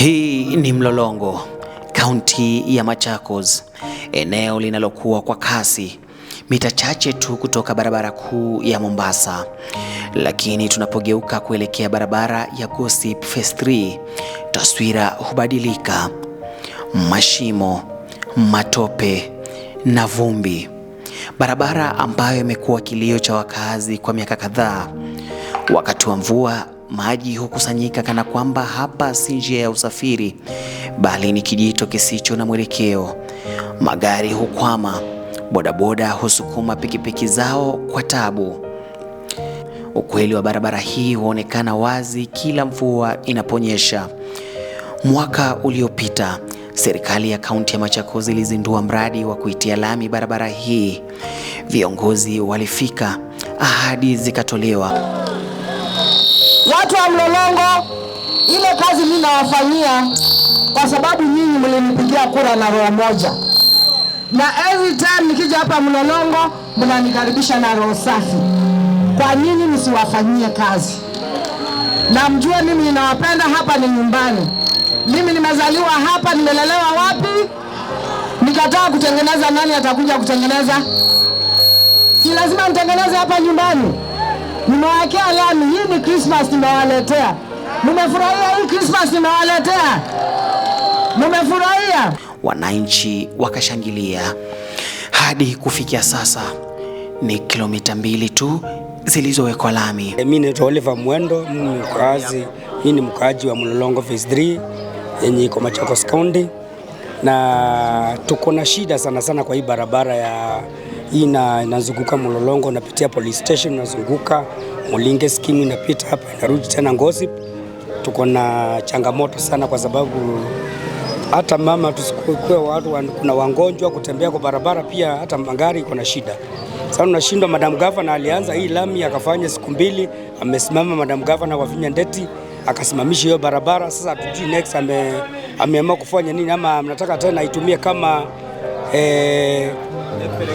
Hii ni Mlolongo, kaunti ya Machakos, eneo linalokuwa kwa kasi, mita chache tu kutoka barabara kuu ya Mombasa. Lakini tunapogeuka kuelekea barabara ya Gossip Phase 3, taswira hubadilika: mashimo, matope na vumbi. Barabara ambayo imekuwa kilio cha wakazi kwa miaka kadhaa. Wakati wa mvua maji hukusanyika kana kwamba hapa si njia ya usafiri, bali ni kijito kisicho na mwelekeo. Magari hukwama, bodaboda husukuma pikipiki zao kwa tabu. Ukweli wa barabara hii huonekana wazi kila mvua inaponyesha. Mwaka uliopita serikali ya kaunti ya Machakos ilizindua mradi wa kuitia lami barabara hii. Viongozi walifika, ahadi zikatolewa, Watu wa Mlolongo, ile kazi mimi nawafanyia kwa sababu nyinyi mlinipigia kura na roho moja, na every time nikija hapa Mlolongo mnanikaribisha na roho safi. Kwa nini nisiwafanyie kazi? Na mjue mimi ninawapenda, hapa ni nyumbani. Mimi nimezaliwa hapa, nimelelewa wapi? Nikataa kutengeneza, nani atakuja kutengeneza? Ni lazima nitengeneze hapa nyumbani nimewekea lami. Hii ni Christmas nimewaletea. Nimefurahia hii Christmas nimewaletea, nimefurahia. Wananchi wakashangilia hadi kufikia sasa ni kilomita mbili tu zilizowekwa lami. Mimi ni Oliver Mwendo, mimi mkaazi, ni mkaaji wa Mlolongo Phase 3 yenye iko Machakos County na tuko na shida sana sana kwa hii barabara ya ina inazunguka Mlolongo, napitia police station, unazunguka Mulinge skimu, inapita hapa inarudi tena Ngosip. Tuko na changamoto sana kwa sababu hata mama tusikuwe watu kuna wagonjwa kutembea kwa barabara, pia hata magari iko na shida sasa. Unashindwa madam gavana alianza hii lami akafanya siku mbili, amesimama madam gavana Wavinya Ndeti akasimamisha hiyo barabara. Sasa hatujui next ame ameamua kufanya nini, ama mnataka tena itumie kama eh,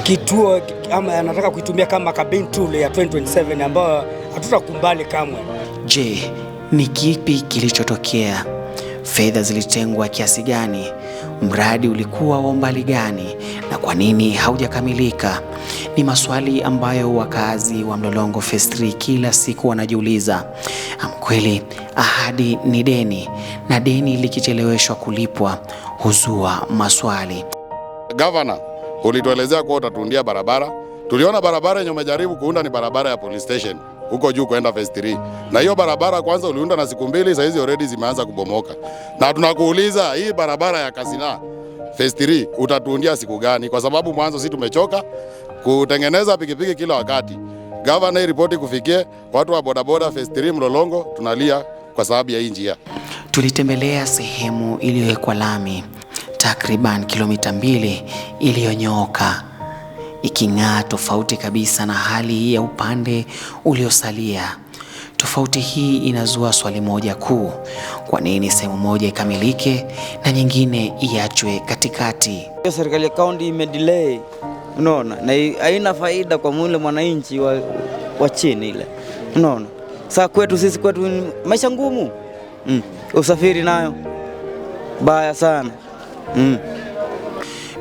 kituo ama anataka kuitumia kama campaign tool ya 2027 ambayo hatutakubali kamwe. Je, ni kipi kilichotokea? Fedha zilitengwa kiasi gani? Mradi ulikuwa wa umbali gani? Na kwa nini haujakamilika? Ni maswali ambayo wakazi wa Mlolongo Phase 3 kila siku wanajiuliza. Amkweli, ahadi ni deni na deni likicheleweshwa kulipwa huzua maswali. Gavana, ulituelezea kuwa utatundia barabara. Tuliona barabara yenye umejaribu kuunda ni barabara ya police station huko juu kuenda Phase 3 na hiyo barabara kwanza uliunda na siku mbili, saizi already zimeanza kubomoka, na tunakuuliza hii barabara ya Kasina Phase 3 utatuundia siku gani? Kwa sababu mwanzo sisi tumechoka kutengeneza pikipiki kila wakati. Gavana, hii ripoti kufikie watu wa bodaboda phase 3 Mlolongo, tunalia kwa sababu ya hii njia. Tulitembelea sehemu iliyowekwa lami takriban kilomita mbili iliyonyooka iking'aa, tofauti kabisa na hali ya upande uliosalia. Tofauti hii inazua swali moja kuu: kwa nini sehemu moja ikamilike na nyingine iachwe katikati? Serikali ya kaunti imedelay unaona, na haina faida kwa mwile mwananchi wa, wa chini ile, unaona. Saa kwetu sisi kwetu maisha ngumu mm. Usafiri nayo baya sana mm.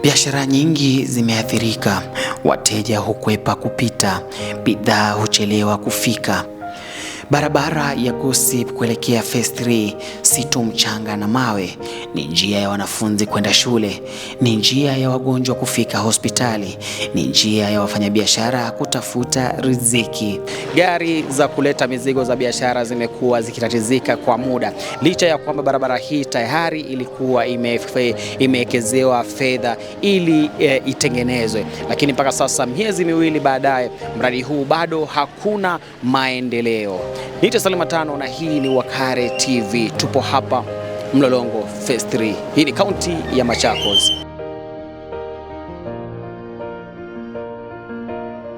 Biashara nyingi zimeathirika, wateja hukwepa kupita, bidhaa huchelewa kufika. Barabara ya Gossip kuelekea Phase 3 si tu mchanga na mawe, ni njia ya wanafunzi kwenda shule, ni njia ya wagonjwa kufika hospitali, ni njia ya wafanyabiashara kutafuta riziki. Gari za kuleta mizigo za biashara zimekuwa zikitatizika kwa muda, licha ya kwamba barabara hii tayari ilikuwa imewekezewa fedha ili e, itengenezwe, lakini mpaka sasa miezi miwili baadaye, mradi huu bado hakuna maendeleo. Nita Salima Tano na hii ni Wakare TV. Tupo hapa Mlolongo Phase 3. Hii ni kaunti ya Machakos.